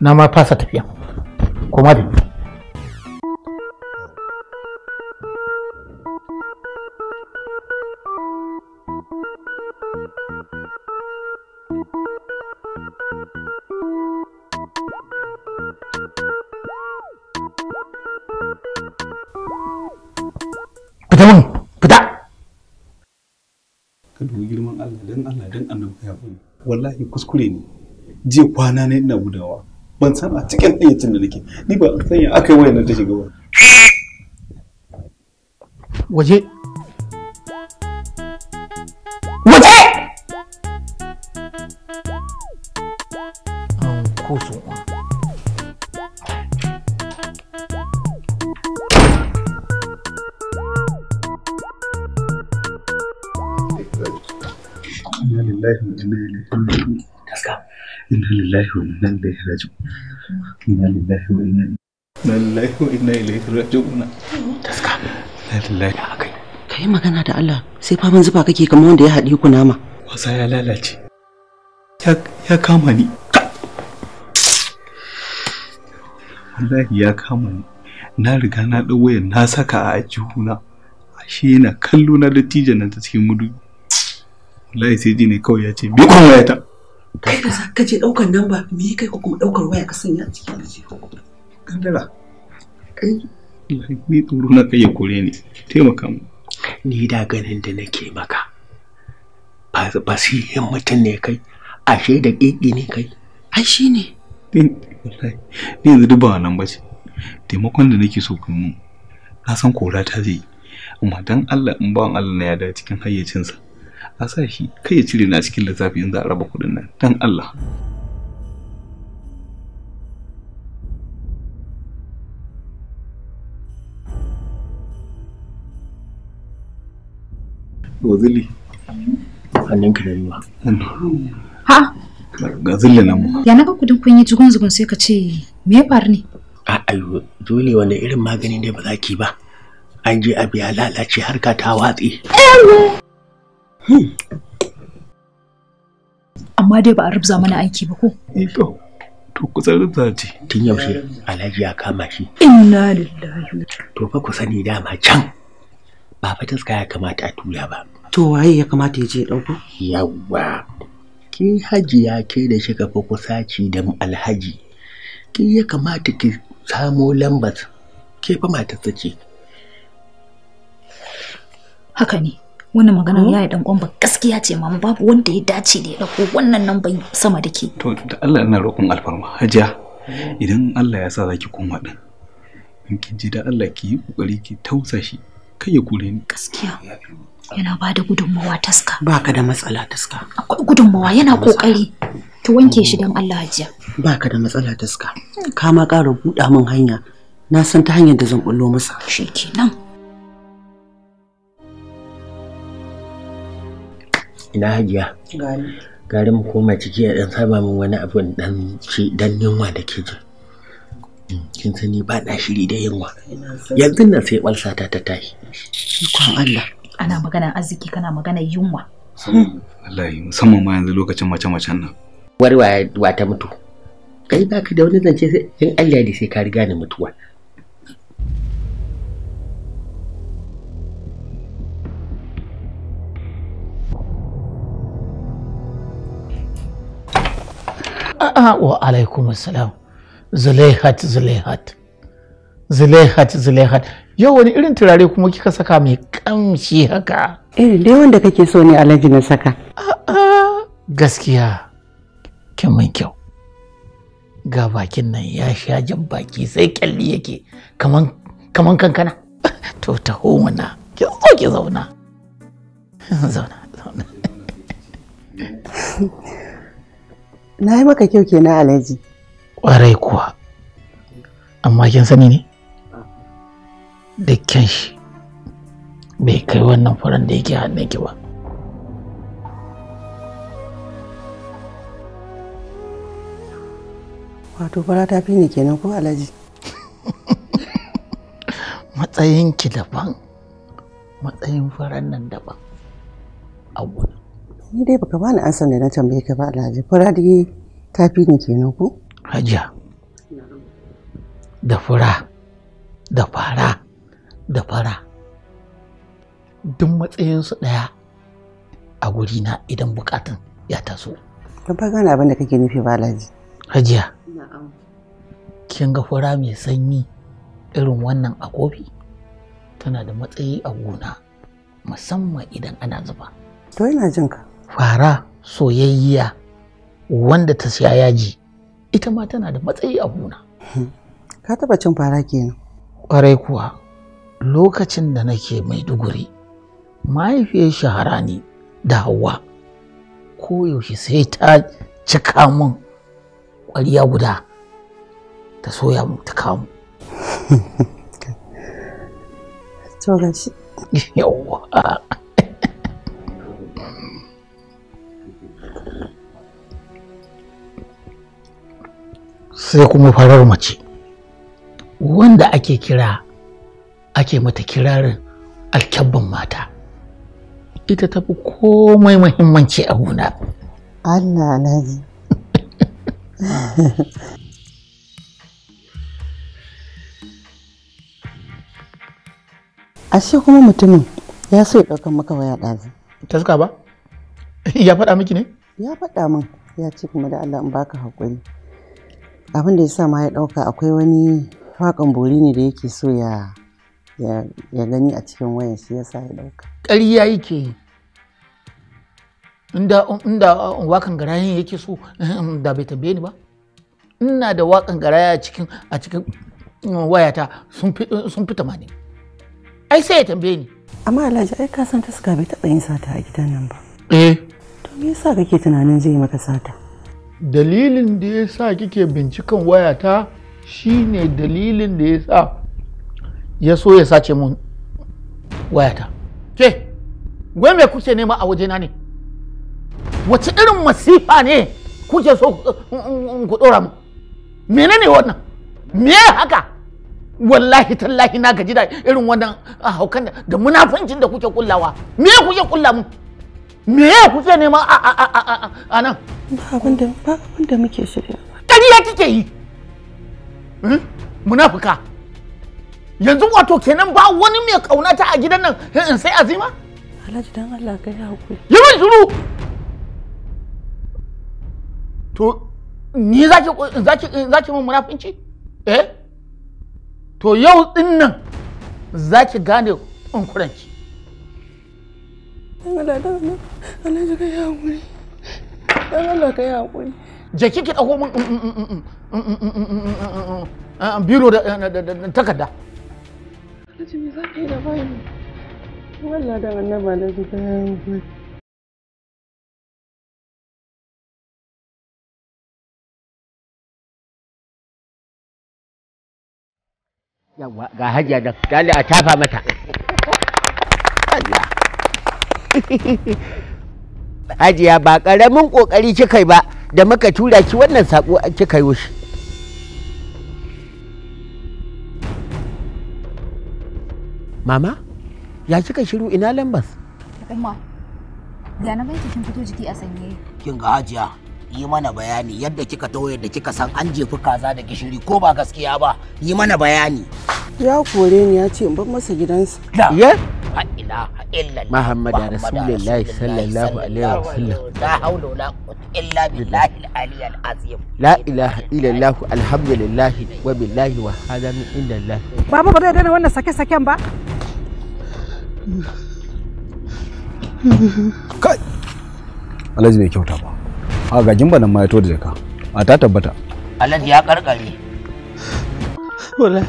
na ma fasa tafiya koma da wallahi kuskure ne jiya kwana na ina gudawa ban san a cikin ɗayyacin da nake ni ba san ya aka yi wayan nan ta shiga ba waje لله wa إليه راجعون إنا لله وإنا wa inna inna lillahi wa inna ilaihi kai magana da Allah sai faman zuba kake kamar wanda ya haɗe ku nama wasa ya lalace ya kama ni wallahi ya kama ni na riga na ɗau wayar na saka a ajihuna ashe yana kallo na dattijan nan ta cikin mudu wallahi sai ji ne ya ce bi kun wayata kai ka sa kace daukar namba me kai ko kuma daukar waya ka sanya a cikin aljihu kandala kai ni tsoro na kai ya kore ni taimaka mu ni da ganin da nake maka ba su yi mutum ne kai ashe da ƙiƙi ne kai ai shi ne ni yanzu duba wannan ba taimakon da nake so kuma na san kora ta zai amma dan Allah in ba Allah na ya da cikin hayyacinsa a sa shi kai ya cire na cikin lissafi in za a raba kuɗin nan dan Allah Wazili. Hannun ka Ha? Gazili nan mu. Ya na kudin kun yi jigon zugun sai ka ce me ya faru ne? A ayyo dole wani irin magani ne ba za ki ba. An je a biya lalace ka ta watsi. Eh Amma dai ba a rubza mana aiki ba ko? Eh to, to kusan rubza ce. Tun yaushe Alhaji ya kama shi. Inna lillahi. To fa ku sani dama can. Ba fa taska ya kamata a tura ba. To waye ya kamata ya je ya ɗauko? Yawwa. Ki hajiya ke da shi shiga fa kusaci da alhaji. Ki ya kamata ki samo lambar. Ke fa matarsa ce. Haka ne. wannan maganar hmm? ya yi dan ba gaskiya ce mamu babu wanda ya dace da ya dauko wannan nan bai sama da ke to da Allah ina roƙon alfarma hajiya idan Allah ya sa zaki koma din in kin ji da Allah ki yi kokari ki tausa shi kai ya kure ni gaskiya yana ba da gudunmawa taska baka da matsala taska akwai gudunmawa yana kokari ki wanke shi dan Allah hajiya baka da matsala taska ka ma ƙara buɗa min hanya na san ta hanyar da zan bullo masa kenan ina hajiya gari mu koma ciki a dan saba min wani abu dan ci dan yunwa da ke ji mm, kin sani ba na shiri da yunwa yanzu nan sai balsa ta ta tashi ikon Allah ana magana arziki kana magana yunwa wallahi hmm. musamman ma yanzu lokacin mace-macen nan warwa wata mutu kai baka da wani zance sai in Allah ya sai ka riga ni mutuwa a'a ah, ah, wa alaikum assalam zulaihat zulaihat zulaihat zulaihat yau wani irin turare kuma kika saka mai kamshi haka irin eh, dai wanda kake so ne alhaji na saka a'a ah, gaskiya kin mun kyau ga bakin nan ya sha jan baki sai kyalli yake kaman kaman kankana to taho mana ki zo ki zauna zauna zauna (laughs) Na yi maka kyau kenan Alhaji. Ƙwarai kuwa. Amma kin sani ne? Da kyan shi bai kai wannan furen da yake hannun ki ba. Wato fara ta fi ne kenan ko Alhaji? (laughs) Matsayin ki daban, matsayin furen nan daban a gudu. Ni dai baka bani ansan da na tambaye ka ba Alhaji. fara dai ta fi ni kenan ko? Hajiya. Da fura, da fara, da fara. Duk matsayinsu ɗaya a guri na idan bukatun ya taso. Ka ba gane abin da kake nufi ba Alhaji. Hajiya. Kin ga fura mai sanyi irin wannan a kofi? Tana da matsayi a gona musamman idan ana zuba. To yana jinka ka. fara soyayya wanda ta siya yaji ita ma tana da matsayi a gona. (laughs) Ka taba cin fara kenan. Kwarai kuwa lokacin da nake Maiduguri mahaifiyar shahara ne da hawa koyaushe sai ta cika mun kwariya guda ta soya mu ta kamu. (laughs) (laughs) Yawwa. sai kuma farar mace wanda ake kira ake mata kirarin alkyabban mata ita ta fi komai muhimmanci a gona Allah na alhaji (laughs) ashe kuma mutumin ya so ya ɗaukar maka waya ɗazu taska ba (laughs) ya faɗa miki ne ya faɗa min ya ce kuma da Allah in baka haƙuri abin da ya sa ma ya ɗauka akwai wani waƙan bori ne da yake so ya ya gani a cikin wayan shi ya sa ya ɗauka ƙarya yake inda inda waƙan garayen yake so (laughs) da bai tambaye ni ba ina da waƙan garaya a cikin a cikin mm, wayata sun fi tamanin ai sai ya tambaye ni amma alhaji ai ka san ta suka bai taɓa yin sata a gidan nan ba eh to me yasa kake tunanin zai maka sata dalilin da ya sa kike binciken wayata shine dalilin da ya sa ya so ya sace mun wayata ke wai me kuke nema a wajena ne wace irin masifa ne kuke so ku dora mm, mm, mu menene wannan me haka wallahi tallahi na gaji da irin wannan ah, haukan da munafincin da kuke kullawa me kuke kulla mu me ya kuke nema a a a a a nan ba abinda da ba abinda muke shirya ƙarya kike yi hmm? munafuka yanzu wato kenan ba wani mai kaunata a gidan nan in eh, eh, sai azima alhaji dan Allah kai hakuri yi min shiru to ni zaki zaki zaki mun munafinci eh to yau din nan zaki gane in kuranki Dan Allah dan Allah. yi Dan Allah biro da takarda. Alhaji me da yi ga hajiya da dali a tafa mata (laughs) hajiya ba ƙaramin ƙoƙari kika yi ba da muka tura ki wannan saƙo kika yi shi mama ya kika shiru ina lambas umma ya na ganki kin fito jiki a sanye kin ga hajiya yi mana bayani yadda kika taho yadda kika san an jefi kaza da gishiri ko ba gaskiya ba yi mana bayani ya kore ni ya ce ban masa gidansa da ya ha'ila ila muhammad illa rasulullahi sallallahu alaihi wa sallam la haula wala quwwata illa billahi al-aliyyil azim la ilaha illallah alhamdulillah wa billahi wa hada min indallah baba ba zai dana wannan sake saken ba kai alhaji mai kyauta ba a gagin banan ma ya to da jaka a ta tabbata alhaji ya karkare wala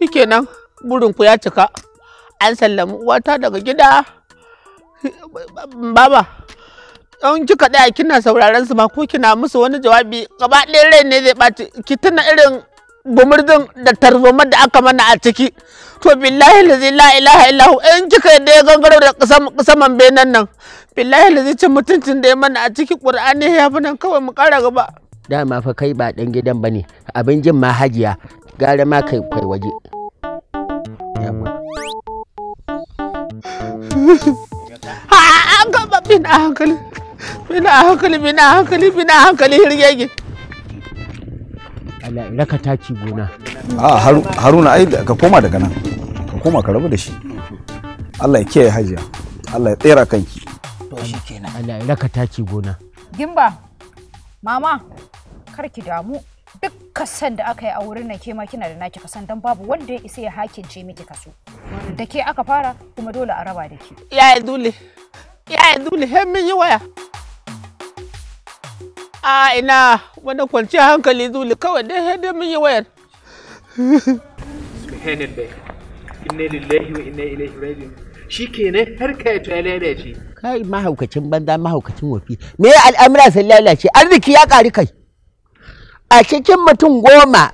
Shikenan burinku ya cika, an sallami uwata daga gida, baba. in kika daya kina sauraron su ma ko kina musu wani jawabi gaba ɗaya rai ne zai ɓaci ki tuna irin gumurzin da tarzoma da aka mana a ciki to billahi lazi la ilaha illahu in kika da ya gangaro da saman benan nan billahi lazi cin mutuncin da ya mana a ciki qur'ani ya fi nan kawai mu kara gaba dama fa kai ba dan gidan bane abin jin ma hajiya gare ma kai kai waje ha an ha ha a ha bina hankali bina hankali bina hankali hirgege Allah raka taki gona a haruna ai ka koma daga nan ka koma ka rabu da shi Allah ya kiyaye hajiya Allah ya tsera kanki to shikenan Allah raka taki gona gimba mama kar ki damu duk kasan da aka yi a wurin nan ke ma kina da naki kasan dan babu wanda ya isa ya hakince miki kaso da ke aka fara kuma dole a raba da ke yaya dole ya yanzu ne yi waya a ina wani kwanciyar hankali zuli kawai dai he dai mun yi wayar subhanallah inna lillahi wa inna ilaihi raji'un shikenan har kai to ya lalace kai mahaukacin banza mahaukacin wafi me al'amura sun lalace arziki ya ƙari kai a cikin mutum goma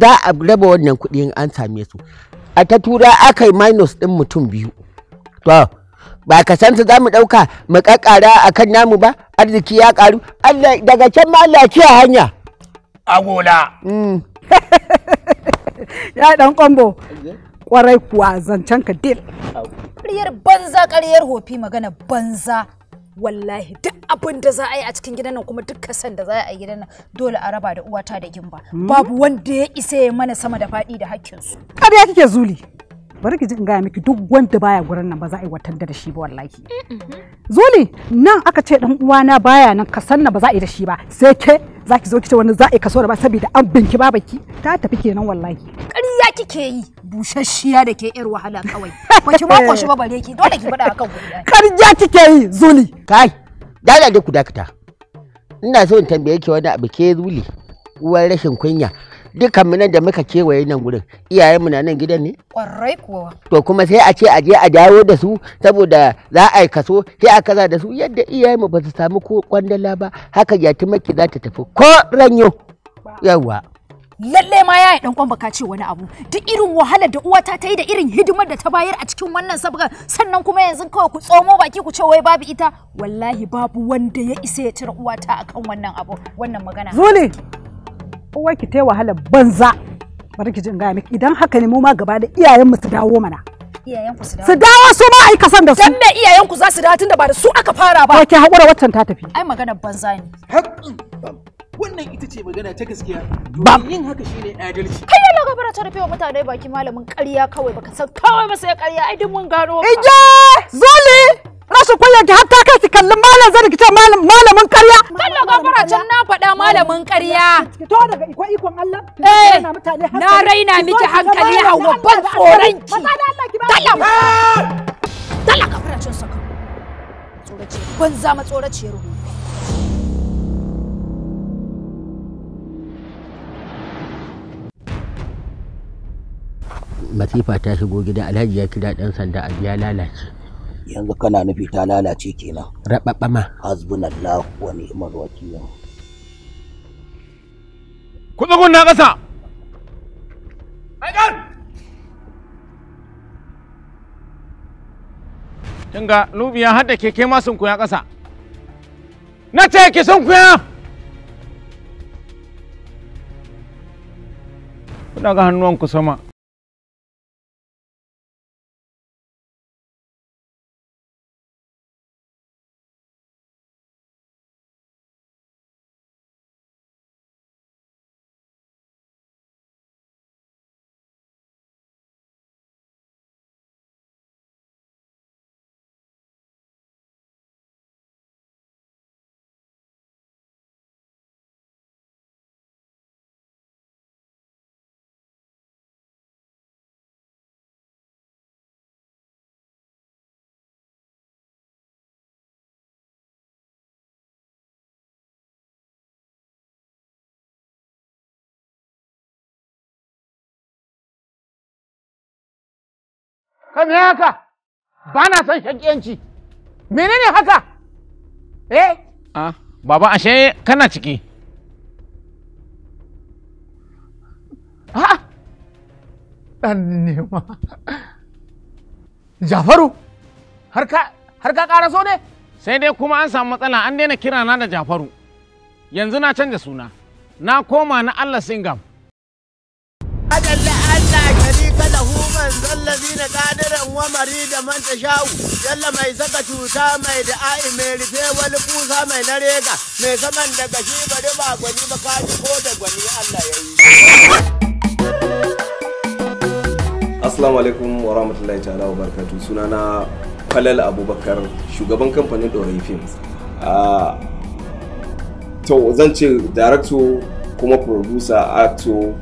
za a raba wannan kuɗi an same su a ta tura aka yi minus ɗin mutum biyu to ba ka san su za mu ɗauka mu ƙaƙara a kan namu ba arziki ya ƙaru daga can ma Allah kiya hanya agola mm. (laughs) ya dan kwambo kwarai kuwa zancen ka dil ƙaryar banza ƙaryar hofi magana banza wallahi duk abin da za a yi a cikin gidan nan kuma duk kasan da za a yi gidan nan dole a raba da uwata da gimba hmm? babu wanda ya isa ya mana sama da faɗi da hakkin hakkinsu ƙarya kike zuli bari ki ji in gaya miki duk wanda baya gurin nan ba za a yi watan da shi ba wallahi mm-hmm. zoli nan aka ce dan uwana baya nan ka sanna ba za a yi da shi ba sai ke za ki zo ki ce wani za a yi kaso da ba saboda an binki babaki ta tafi kenan wallahi ƙarya kike yi busasshiya da ke yar wahala kawai ba ki mako (laughs) eh. shi ba bare ki dole ki faɗa akan kuɗi ƙarya kike yi zoli kai dala da ku dakata ina so in tambaye ki wani abu ke zuli uwar rashin kunya dukkan mu nan da muka kewaye nan gurin iyayen mu na nan gidan ne kwarai kuwa to kuma sai a ce a je a dawo da su saboda za a yi kaso sai a kaza da su yadda iyayen mu ba su samu ko kwandala ba haka yatimaki za ta tafi ko ranyo yawa lallai ma ya dan kwan baka ce wani abu duk irin wahalar da uwata ta yi da irin hidimar da ta bayar a cikin wannan sabga sannan kuma yanzu kawai ku tsomo baki ku ce wai babu ita wallahi babu wanda ya isa ya cire uwata akan wannan abu wannan magana ne uwa ki ta wahala banza bari ki jin miki idan haka ne mu ma gaba da iyayenmu su dawo mana iyayenku su dawo su dawo su ma ai kasan da su dan me iyayenku za su dawo tunda ba da su aka fara ba to hakura waccan ta tafi ai magana banza ne wannan ita ce magana ta gaskiya domin yin haka shine adalci kai yana gabara ta rufe wa mutane baki malamin ƙarya kawai baka san kawai ba sai ƙarya ai duk mun gano ka ije zuli su kunya ki har ta kai ki kallon malam zan ki ce malamin ƙarya kallo gafara can na faɗa malamin ƙarya ki to daga iko ikon Allah eh, na raina miki hankali hawa ban tsoron ki dalla dalla gafara can saka tsorace ban zama tsorace ruhu masifa ta shigo gida alhaji ya kira ɗan sanda a biya lalace yanzu kana nufi ta lalace kenan rababama hasbunallahu wa ni'mal wakil ku tsugun na ƙasa aikan kinga nubiya hadda keke ma sun kuya ƙasa na ce ki sun kuya kuna ga hannuwanku sama ka me haka ba na san shakiyanci menene haka eh ah baba ashe kana ciki Ha! dan nema Jafaru har ka har ka karaso ne sai dai kuma an samu matsala an daina kira na da Jafaru yanzu na canja suna na koma na Allah Singam yanzan lazina ƙadiran wamari da manta shawu yalla mai saka cuta mai da ai mai rufe wani kusa mai na rega mai saman da gashi bari ba gwani ba kaji ko da gwani Allah ya yi. Assalamu alaikum wa rahmatullahi ta'ala wa suna sunana Falal Abubakar shugaban kamfanin Dorai Films. Ah, to zan ce director kuma producer actor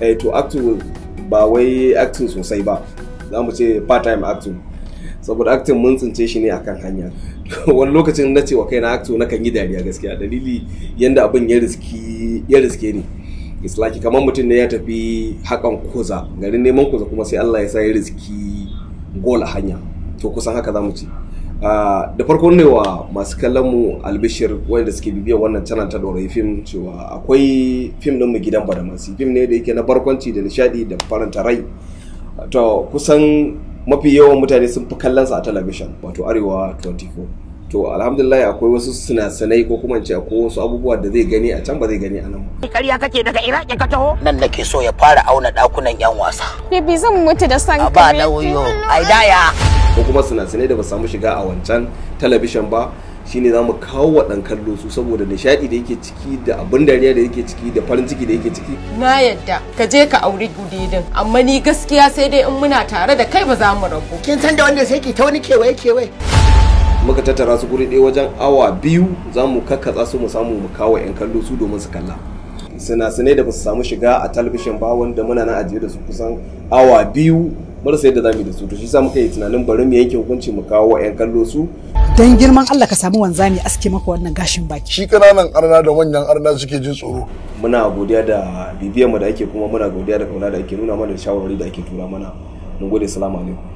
eh, to actor ba wai acting sosai ba za mu ce part time acting saboda acting mun tsince shi ne akan hanya (laughs) wani lokacin na ce wa na acto na kan yi dariya gaskiya dalili yadda abin ya riske ni it's like kamar mutum ne ya tafi hakan koza garin neman koza kuma sai Allah ya sa ya riski gola a hanya to kusan haka za mu ce Ah, da farko ne wa masu kallon mu albishir wanda suke bibiyar wannan canan ta dorai fim cewa akwai fim ɗin mu gidan badamasi fim ne da yake na barkwanci da nishadi da faranta rai to kusan mafi yawan mutane sun fi kallon sa a talabishin wato arewa 24 to alhamdulillah akwai wasu sinasanai ko kuma ce akwai wasu abubuwa da zai gani a can ba zai gani a nan ba kariya kake daga iraki ka taho nan nake so ya fara auna dakunan yan wasa Bibi zan mutu da san ba lauyo ai daya kuma kuma sinasinai da ba samu shiga a wancan talabishin ba shine za mu kawo wa ɗan kallo su saboda nishaɗi da yake ciki da abin dariya da yake ciki da farin ciki da yake ciki. Na yadda ka je ka auri gudidin amma ni gaskiya sai dai in muna tare da kai ba za mu rabu. Kin san da wanda sai ke ta wani kewaye kewaye. muka tattara su guri ɗaya wajen awa biyu za mu kakkatsa su mu samu mu kawo 'yan kallo su domin su kalla. sinasinai da ba su samu shiga a talabishin ba wanda muna nan ajiye da su kusan awa biyu marasa yadda zamu da su to shi sa muka yi tunanin bari mu yanke hukunci mu kawo wa 'yan kallo su dan girman Allah ka samu wanzami aske maka wannan gashin baki shi kananan arna da manyan arna suke jin tsoro muna godiya da bibiyar mu da ake kuma muna godiya da kauna da ake nuna mana da shawarwari da ake tura mana mun gode salamu alaikum